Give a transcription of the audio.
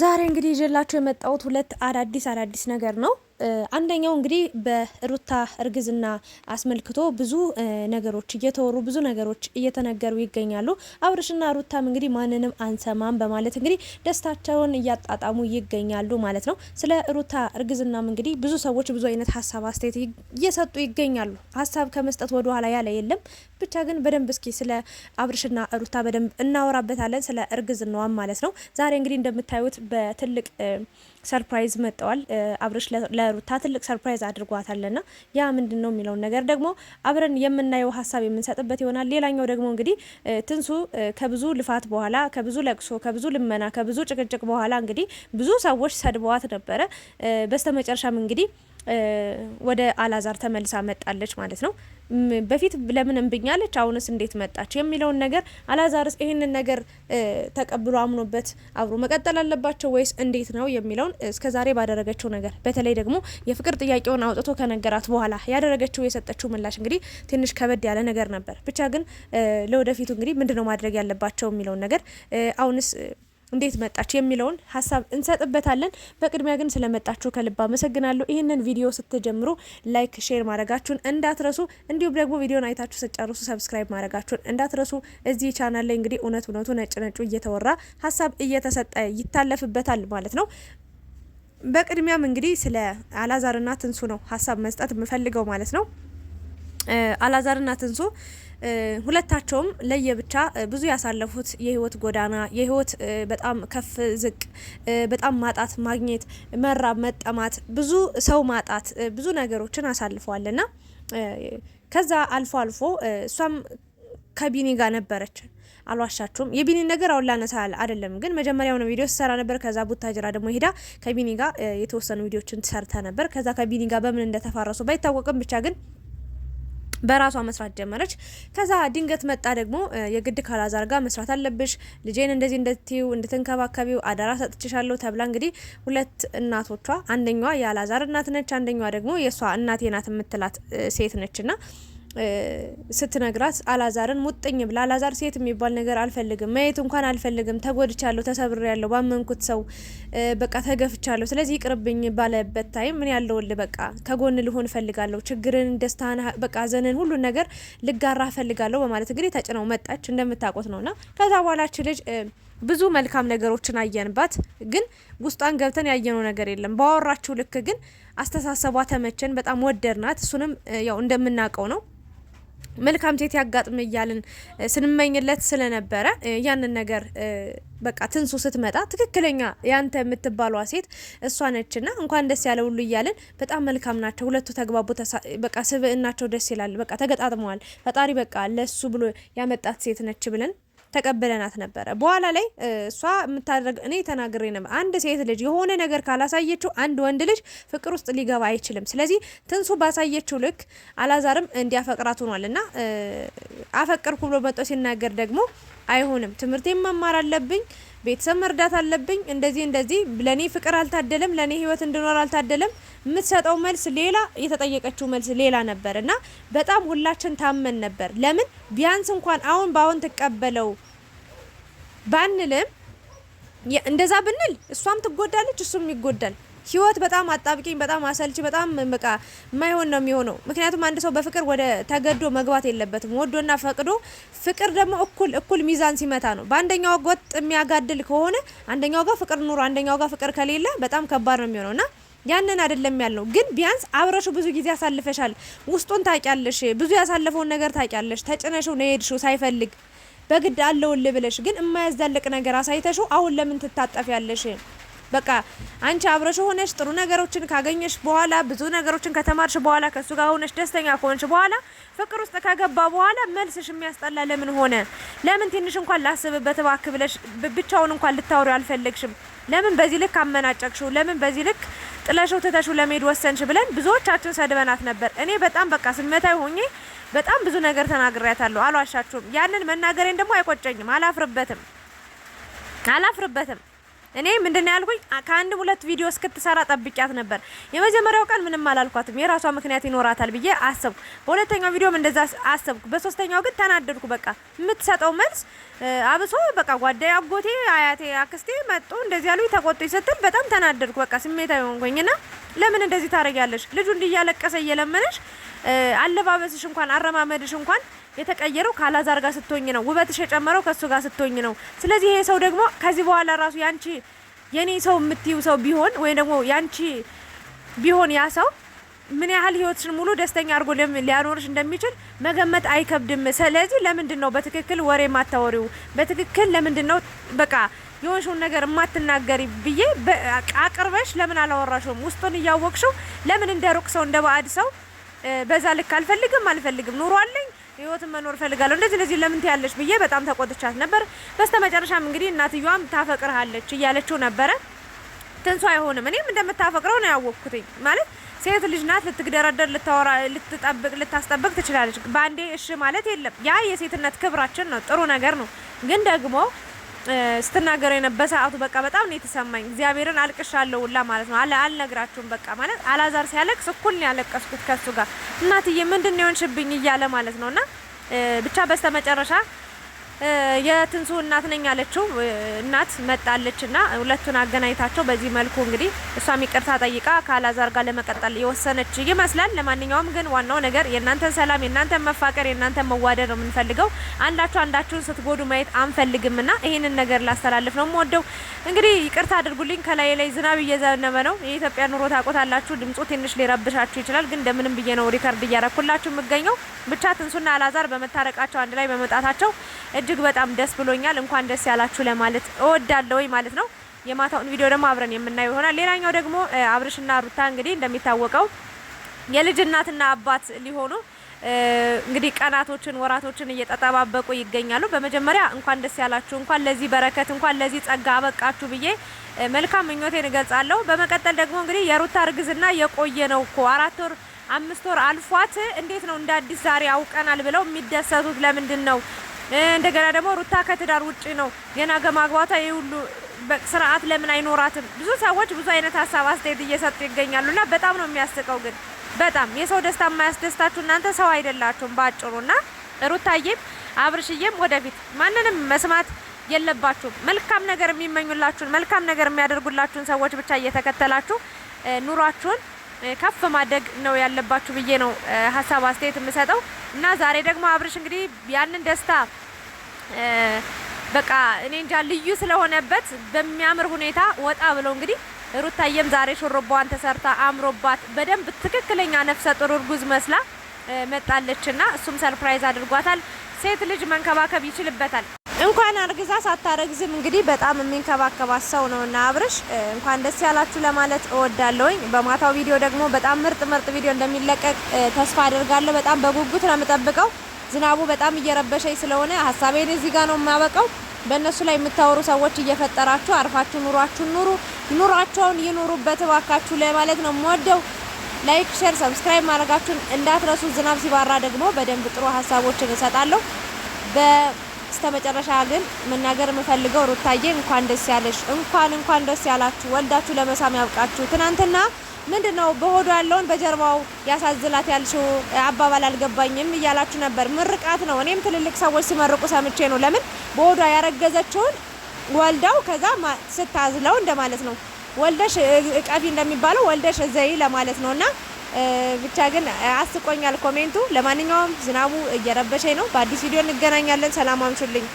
ዛሬ እንግዲህ ይዤላችሁ የመጣሁት ሁለት አዳዲስ አዳዲስ ነገር ነው። አንደኛው እንግዲህ በሩታ እርግዝና አስመልክቶ ብዙ ነገሮች እየተወሩ ብዙ ነገሮች እየተነገሩ ይገኛሉ። አብርሽና ሩታም እንግዲህ ማንንም አንሰማም በማለት እንግዲህ ደስታቸውን እያጣጣሙ ይገኛሉ ማለት ነው። ስለ ሩታ እርግዝናም እንግዲህ ብዙ ሰዎች ብዙ አይነት ሀሳብ፣ አስተያየት እየሰጡ ይገኛሉ። ሀሳብ ከመስጠት ወደ ኋላ ያለ የለም። ብቻ ግን በደንብ እስኪ ስለ አብርሽና ሩታ በደንብ እናወራበታለን፣ ስለ እርግዝናዋም ማለት ነው። ዛሬ እንግዲህ እንደምታዩት በትልቅ ሰርፕራይዝ መጠዋል። አብርሽ ለሩታ ትልቅ ሰርፕራይዝ አድርጓታል። ና ያ ምንድን ነው የሚለውን ነገር ደግሞ አብረን የምናየው ሀሳብ የምንሰጥበት ይሆናል። ሌላኛው ደግሞ እንግዲህ ትንሱ ከብዙ ልፋት በኋላ ከብዙ ለቅሶ፣ ከብዙ ልመና፣ ከብዙ ጭቅጭቅ በኋላ እንግዲህ ብዙ ሰዎች ሰድበዋት ነበረ። በስተመጨረሻም እንግዲህ ወደ አላዛር ተመልሳ መጣለች ማለት ነው። በፊት ለምን እምብኛለች አሁንስ እንዴት መጣች የሚለውን ነገር አላዛርስ ይህንን ነገር ተቀብሎ አምኖበት አብሮ መቀጠል አለባቸው ወይስ እንዴት ነው የሚለውን እስከዛሬ ባደረገችው ነገር በተለይ ደግሞ የፍቅር ጥያቄውን አውጥቶ ከነገራት በኋላ ያደረገችው የሰጠችው ምላሽ እንግዲህ ትንሽ ከበድ ያለ ነገር ነበር። ብቻ ግን ለወደፊቱ እንግዲህ ምንድነው ማድረግ ያለባቸው የሚለውን ነገር አሁንስ እንዴት መጣች የሚለውን ሀሳብ እንሰጥበታለን። በቅድሚያ ግን ስለመጣችሁ ከልብ አመሰግናለሁ። ይህንን ቪዲዮ ስትጀምሩ ላይክ፣ ሼር ማድረጋችሁን እንዳትረሱ፣ እንዲሁም ደግሞ ቪዲዮን አይታችሁ ስጨርሱ ሰብስክራይብ ማድረጋችሁን እንዳትረሱ። እዚህ ቻናል ላይ እንግዲህ እውነት እውነቱ ነጭ ነጩ እየተወራ ሀሳብ እየተሰጠ ይታለፍበታል ማለት ነው። በቅድሚያም እንግዲህ ስለ አላዛርና ትንሱ ነው ሀሳብ መስጠት የምፈልገው ማለት ነው። አላዛርና ትንሱ ሁለታቸውም ለየብቻ ብዙ ያሳለፉት የህይወት ጎዳና የህይወት በጣም ከፍ ዝቅ፣ በጣም ማጣት ማግኘት፣ መራብ መጠማት፣ ብዙ ሰው ማጣት፣ ብዙ ነገሮችን አሳልፈዋል እና ከዛ አልፎ አልፎ እሷም ከቢኒ ጋር ነበረች። አልዋሻችሁም። የቢኒን ነገር አሁን ላነሳ አይደለም ግን ሆነ ቪዲዮ ስትሰራ ነበር። ከዛ ቡታጅራ ደግሞ ሄዳ ከቢኒ ጋር የተወሰኑ ቪዲዮችን ሰርተ ነበር። ከዛ ከቢኒ ጋር በምን እንደተፋረሱ ባይታወቅም ብቻ ግን በራሷ መስራት ጀመረች። ከዛ ድንገት መጣ ደግሞ የግድ ካላዛር ጋር መስራት አለብሽ፣ ልጄን እንደዚህ እንደትዩ እንድትንከባከቢው አደራ ሰጥችሻለሁ ተብላ እንግዲህ ሁለት እናቶቿ አንደኛዋ የአላዛር እናት ነች፣ አንደኛዋ ደግሞ የእሷ እናቴ ናት የምትላት ሴት ነችና ስትነግራት አላዛርን ሙጥኝ ብላ አላዛር ሴት የሚባል ነገር አልፈልግም፣ ማየት እንኳን አልፈልግም፣ ተጎድቻለሁ፣ ያለሁ ባመንኩት ሰው በቃ ተገፍቻለሁ፣ ስለዚህ ይቅርብኝ ባለበት ታይም ምን ያለውል በቃ ከጎን ልሆን እፈልጋለሁ፣ ችግርን፣ ደስታን፣ በቃ ዘንን፣ ሁሉን ነገር ልጋራ እፈልጋለሁ በማለት እንግዲህ ተጭነው መጣች እንደምታውቁት ነውና ከዛ በኋላች ልጅ ብዙ መልካም ነገሮችን አየንባት፣ ግን ውስጧን ገብተን ያየነው ነገር የለም። ባወራችው ልክ ግን አስተሳሰቧ ተመቸን፣ በጣም ወደድናት። እሱንም ያው እንደምናውቀው ነው መልካም ሴት ያጋጥም እያልን ስንመኝለት ስለነበረ ያንን ነገር በቃ ትንሱ ስትመጣ ትክክለኛ ያንተ የምትባሏ ሴት እሷ ነችና እንኳን ደስ ያለ ሁሉ እያልን በጣም መልካም ናቸው ሁለቱ ተግባቡ። በቃ ስብእናቸው ደስ ይላል። በቃ ተገጣጥመዋል። ፈጣሪ በቃ ለሱ ብሎ ያመጣት ሴት ነች ብለን ተቀብለናት ነበረ። በኋላ ላይ እሷ የምታደረግ እኔ ተናግሬ ነበር። አንድ ሴት ልጅ የሆነ ነገር ካላሳየችው አንድ ወንድ ልጅ ፍቅር ውስጥ ሊገባ አይችልም። ስለዚህ ትንሱ ባሳየችው ልክ አላዛርም እንዲያፈቅራት ሆኗል እና አፈቅርኩ ብሎ መጦ ሲናገር ደግሞ አይሆንም፣ ትምህርቴን መማር አለብኝ፣ ቤተሰብ መርዳት አለብኝ፣ እንደዚህ እንደዚህ ለኔ ፍቅር አልታደለም፣ ለኔ ህይወት እንድኖር አልታደለም። የምትሰጠው መልስ ሌላ፣ የተጠየቀችው መልስ ሌላ ነበር እና በጣም ሁላችን ታመን ነበር። ለምን ቢያንስ እንኳን አሁን በአሁን ትቀበለው ባንልም እንደዛ ብንል እሷም ትጎዳለች፣ እሱም ይጎዳል። ህይወት በጣም አጣብቂኝ፣ በጣም አሰልቺ፣ በጣም በቃ የማይሆን ነው የሚሆነው። ምክንያቱም አንድ ሰው በፍቅር ወደ ተገዶ መግባት የለበትም። ወዶና ፈቅዶ ፍቅር ደግሞ እኩል እኩል ሚዛን ሲመታ ነው። በአንደኛው ወጥ የሚያጋድል ከሆነ አንደኛው ጋር ፍቅር ኑሮ አንደኛው ጋር ፍቅር ከሌለ በጣም ከባድ ነው የሚሆነው እና ያንን አይደለም ያለው። ግን ቢያንስ አብረሹ ብዙ ጊዜ ያሳልፈሻል፣ ውስጡን ታውቂያለሽ፣ ብዙ ያሳለፈውን ነገር ታውቂያለሽ። ተጭነሽው ነው የሄድሽው ሳይፈልግ በግድ አለውል ብለሽ ግን የማያዛልቅ ነገር አሳይተሽው አሁን ለምን ትታጠፊያለሽ? በቃ አንቺ አብረሽ ሆነሽ ጥሩ ነገሮችን ካገኘሽ በኋላ ብዙ ነገሮችን ከተማርሽ በኋላ ከሱ ጋር ሆነሽ ደስተኛ ከሆንሽ በኋላ ፍቅር ውስጥ ከገባ በኋላ መልስሽ የሚያስጠላ ለምን ሆነ? ለምን ትንሽ እንኳን ላስብበት እባክህ ብለሽ ብቻውን እንኳን ልታወሪ አልፈለግሽም? ለምን በዚህ ልክ አመናጨቅሽው? ለምን በዚህ ልክ ጥለሽው ትተሽው ለመሄድ ወሰንሽ? ብለን ብዙዎቻችን ሰድበናት ነበር። እኔ በጣም በቃ ስሜታዊ ሆኜ በጣም ብዙ ነገር ተናግሬያታለሁ፣ አልዋሻችሁም። ያንን መናገሬን ደግሞ አይቆጨኝም፣ አላፍርበትም አላፍርበትም እኔ ምንድን ነው ያልኩኝ ከአንድ ሁለት ቪዲዮ እስክትሰራ ጠብቂያት ነበር። የመጀመሪያው ቀን ምንም አላልኳትም፣ የራሷ ምክንያት ይኖራታል ብዬ አሰብኩ። በሁለተኛው ቪዲዮም እንደዛ አሰብኩ። በሶስተኛው ግን ተናደድኩ። በቃ የምትሰጠው መልስ አብሶ በቃ ጓዳይ፣ አጎቴ፣ አያቴ፣ አክስቴ መጡ እንደዚህ ያሉ ተቆጡኝ ስትል በጣም ተናደድኩ። በቃ ስሜታዊ ሆንኩኝና ለምን እንደዚህ ታረጊያለሽ? ልጁ እንዲያለቀሰ እየለመነሽ አለባበስሽ እንኳን አረማመድሽ እንኳን የተቀየረው ካላዛር ጋር ስትሆኝ ነው። ውበትሽ የጨመረው ከሱ ጋር ስትሆኝ ነው። ስለዚህ ይሄ ሰው ደግሞ ከዚህ በኋላ ራሱ ያንቺ የኔ ሰው የምትይው ሰው ቢሆን ወይም ደግሞ ያንቺ ቢሆን ያ ሰው ምን ያህል ህይወትሽን ሙሉ ደስተኛ አድርጎ ሊያኖርሽ እንደሚችል መገመት አይከብድም። ስለዚህ ለምንድን ነው በትክክል ወሬ የማታወሪው? በትክክል ለምንድን ነው በቃ የሆንሽውን ነገር የማትናገሪ ብዬ አቅርበሽ ለምን አላወራሽውም? ውስጡን እያወቅሽው ለምን እንደ ሩቅ ሰው እንደ ባዕድ ሰው በዛ ልክ አልፈልግም አልፈልግም ኑሮ አለኝ ህይወትን መኖር ፈልጋለሁ እንደዚህ እንደዚህ ለምን ትያለሽ ብዬ በጣም ተቆጥቻት ነበር። በስተመጨረሻም እንግዲህ እናትየዋም ታፈቅርሃለች እያለችው ነበረ። ትንሱ አይሆንም እኔም እንደምታፈቅረው ነው ያወቅኩትኝ። ማለት ሴት ልጅ ናት፣ ልትግደረደር፣ ልታወራ፣ ልትጠብቅ፣ ልታስጠብቅ ትችላለች። በአንዴ እሺ ማለት የለም። ያ የሴትነት ክብራችን ነው፣ ጥሩ ነገር ነው። ግን ደግሞ ስትናገረው ሰዓቱ በቃ በጣም ነው የተሰማኝ። እግዚአብሔርን አልቅሻለሁ ሁላ ማለት ነው። አለ አልነግራችሁም በቃ ማለት አላዛር ሲያለቅስ እኩል ነው ያለቀስኩት ከሱ ጋር እናትዬ ምንድን ነው የሆንሽብኝ እያለ ማለት ነውና ብቻ በስተመጨረሻ የትንሱ እናት ነኝ ያለችው እናት መጣለች እና ሁለቱን አገናኝታቸው በዚህ መልኩ እንግዲህ እሷም ይቅርታ ጠይቃ ከአላዛር ጋር ለመቀጠል የወሰነች ይመስላል። ለማንኛውም ግን ዋናው ነገር የእናንተን ሰላም፣ የእናንተን መፋቀር፣ የእናንተን መዋደድ ነው የምንፈልገው። አንዳችሁ አንዳችሁን ስትጎዱ ማየት አንፈልግም እና ይህንን ነገር ላስተላልፍ ነው የምወደው። እንግዲህ ይቅርታ አድርጉልኝ። ከላይ ላይ ዝናብ እየዘነበ ነው። የኢትዮጵያ ኑሮ ታቆታላችሁ። ድምፁ ትንሽ ሊረብሻችሁ ይችላል። ግን እንደምንም ብዬ ነው ሪከርድ እያረኩላችሁ የምገኘው። ብቻ ትንሱና አላዛር በመታረቃቸው አንድ ላይ በመምጣታቸው እጅግ በጣም ደስ ብሎኛል። እንኳን ደስ ያላችሁ ለማለት እወዳለሁ ማለት ነው። የማታውን ቪዲዮ ደግሞ አብረን የምናየው ይሆናል። ሌላኛው ደግሞ አብርሽና ሩታ እንግዲህ እንደሚታወቀው የልጅ እናትና አባት ሊሆኑ እንግዲህ ቀናቶችን ወራቶችን እየተጠባበቁ ይገኛሉ። በመጀመሪያ እንኳን ደስ ያላችሁ፣ እንኳን ለዚህ በረከት፣ እንኳን ለዚህ ጸጋ አበቃችሁ ብዬ መልካም ምኞቴን እገልጻለሁ። በመቀጠል ደግሞ እንግዲህ የሩታ እርግዝና የቆየ ነው እኮ አራት ወር አምስት ወር አልፏት እንዴት ነው እንደ አዲስ ዛሬ አውቀናል ብለው የሚደሰቱት ለምንድን ነው? እንደገና ደግሞ ሩታ ከትዳር ውጪ ነው ገና ከማግባቷ ይሁሉ ስርዓት ለምን አይኖራትም? ብዙ ሰዎች ብዙ አይነት ሀሳብ አስተያየት እየሰጡ ይገኛሉ። እና በጣም ነው የሚያስቀው። ግን በጣም የሰው ደስታ የማያስደስታችሁ እናንተ ሰው አይደላችሁም በአጭሩ። እና ሩታዬም አብርሽዬም ወደፊት ማንንም መስማት የለባችሁም። መልካም ነገር የሚመኙላችሁን መልካም ነገር የሚያደርጉላችሁን ሰዎች ብቻ እየተከተላችሁ ኑሯችሁን ከፍ ማደግ ነው ያለባችሁ ብዬ ነው ሀሳብ አስተያየት የምሰጠው። እና ዛሬ ደግሞ አብርሽ እንግዲህ ያንን ደስታ በቃ እኔ እንጃ ልዩ ስለሆነበት በሚያምር ሁኔታ ወጣ ብለው እንግዲህ ሩታየም ዛሬ ሹሩባዋን ተሰርታ አምሮባት በደንብ ትክክለኛ ነፍሰ ጡር እርጉዝ መስላ መጣለችና እሱም ሰርፕራይዝ አድርጓታል። ሴት ልጅ መንከባከብ ይችልበታል። እንኳን አርግዛ ሳታረግዝም እንግዲህ በጣም የሚንከባከባት ሰው ነውና አብርሽ እንኳን ደስ ያላችሁ ለማለት እወዳለሁኝ። በማታው ቪዲዮ ደግሞ በጣም ምርጥ ምርጥ ቪዲዮ እንደሚለቀቅ ተስፋ አድርጋለሁ። በጣም በጉጉት ነው የምጠብቀው። ዝናቡ በጣም እየረበሸኝ ስለሆነ ሀሳቤን እዚህ ጋር ነው የማበቀው። በእነሱ ላይ የምታወሩ ሰዎች እየፈጠራችሁ አርፋችሁ ኑሯችሁን ኑሩ፣ ኑሯቸውን ይኑሩበት እባካችሁ ለማለት ነው የምወደው። ላይክ፣ ሼር፣ ሰብስክራይብ ማድረጋችሁን እንዳትረሱ። ዝናብ ሲባራ ደግሞ በደንብ ጥሩ ሀሳቦችን እሰጣለሁ። በስተመጨረሻ ግን መናገር የምፈልገው ሩታዬ እንኳን ደስ ያለሽ፣ እንኳን እንኳን ደስ ያላችሁ፣ ወልዳችሁ ለመሳም ያብቃችሁ። ትናንትና ምንድን ነው በሆዷ ያለውን በጀርባው ያሳዝላት ያልሽው አባባል አልገባኝም እያላችሁ ነበር። ምርቃት ነው። እኔም ትልልቅ ሰዎች ሲመርቁ ሰምቼ ነው። ለምን በሆዷ ያረገዘችውን ወልዳው ከዛ ስታዝለው እንደማለት ነው። ወልደሽ እቀፊ እንደሚባለው ወልደሽ ዘይ ለማለት ነው እና ብቻ ግን አስቆኛል ኮሜንቱ። ለማንኛውም ዝናቡ እየረበሸኝ ነው። በአዲስ ቪዲዮ እንገናኛለን። ሰላም አምሹልኝ።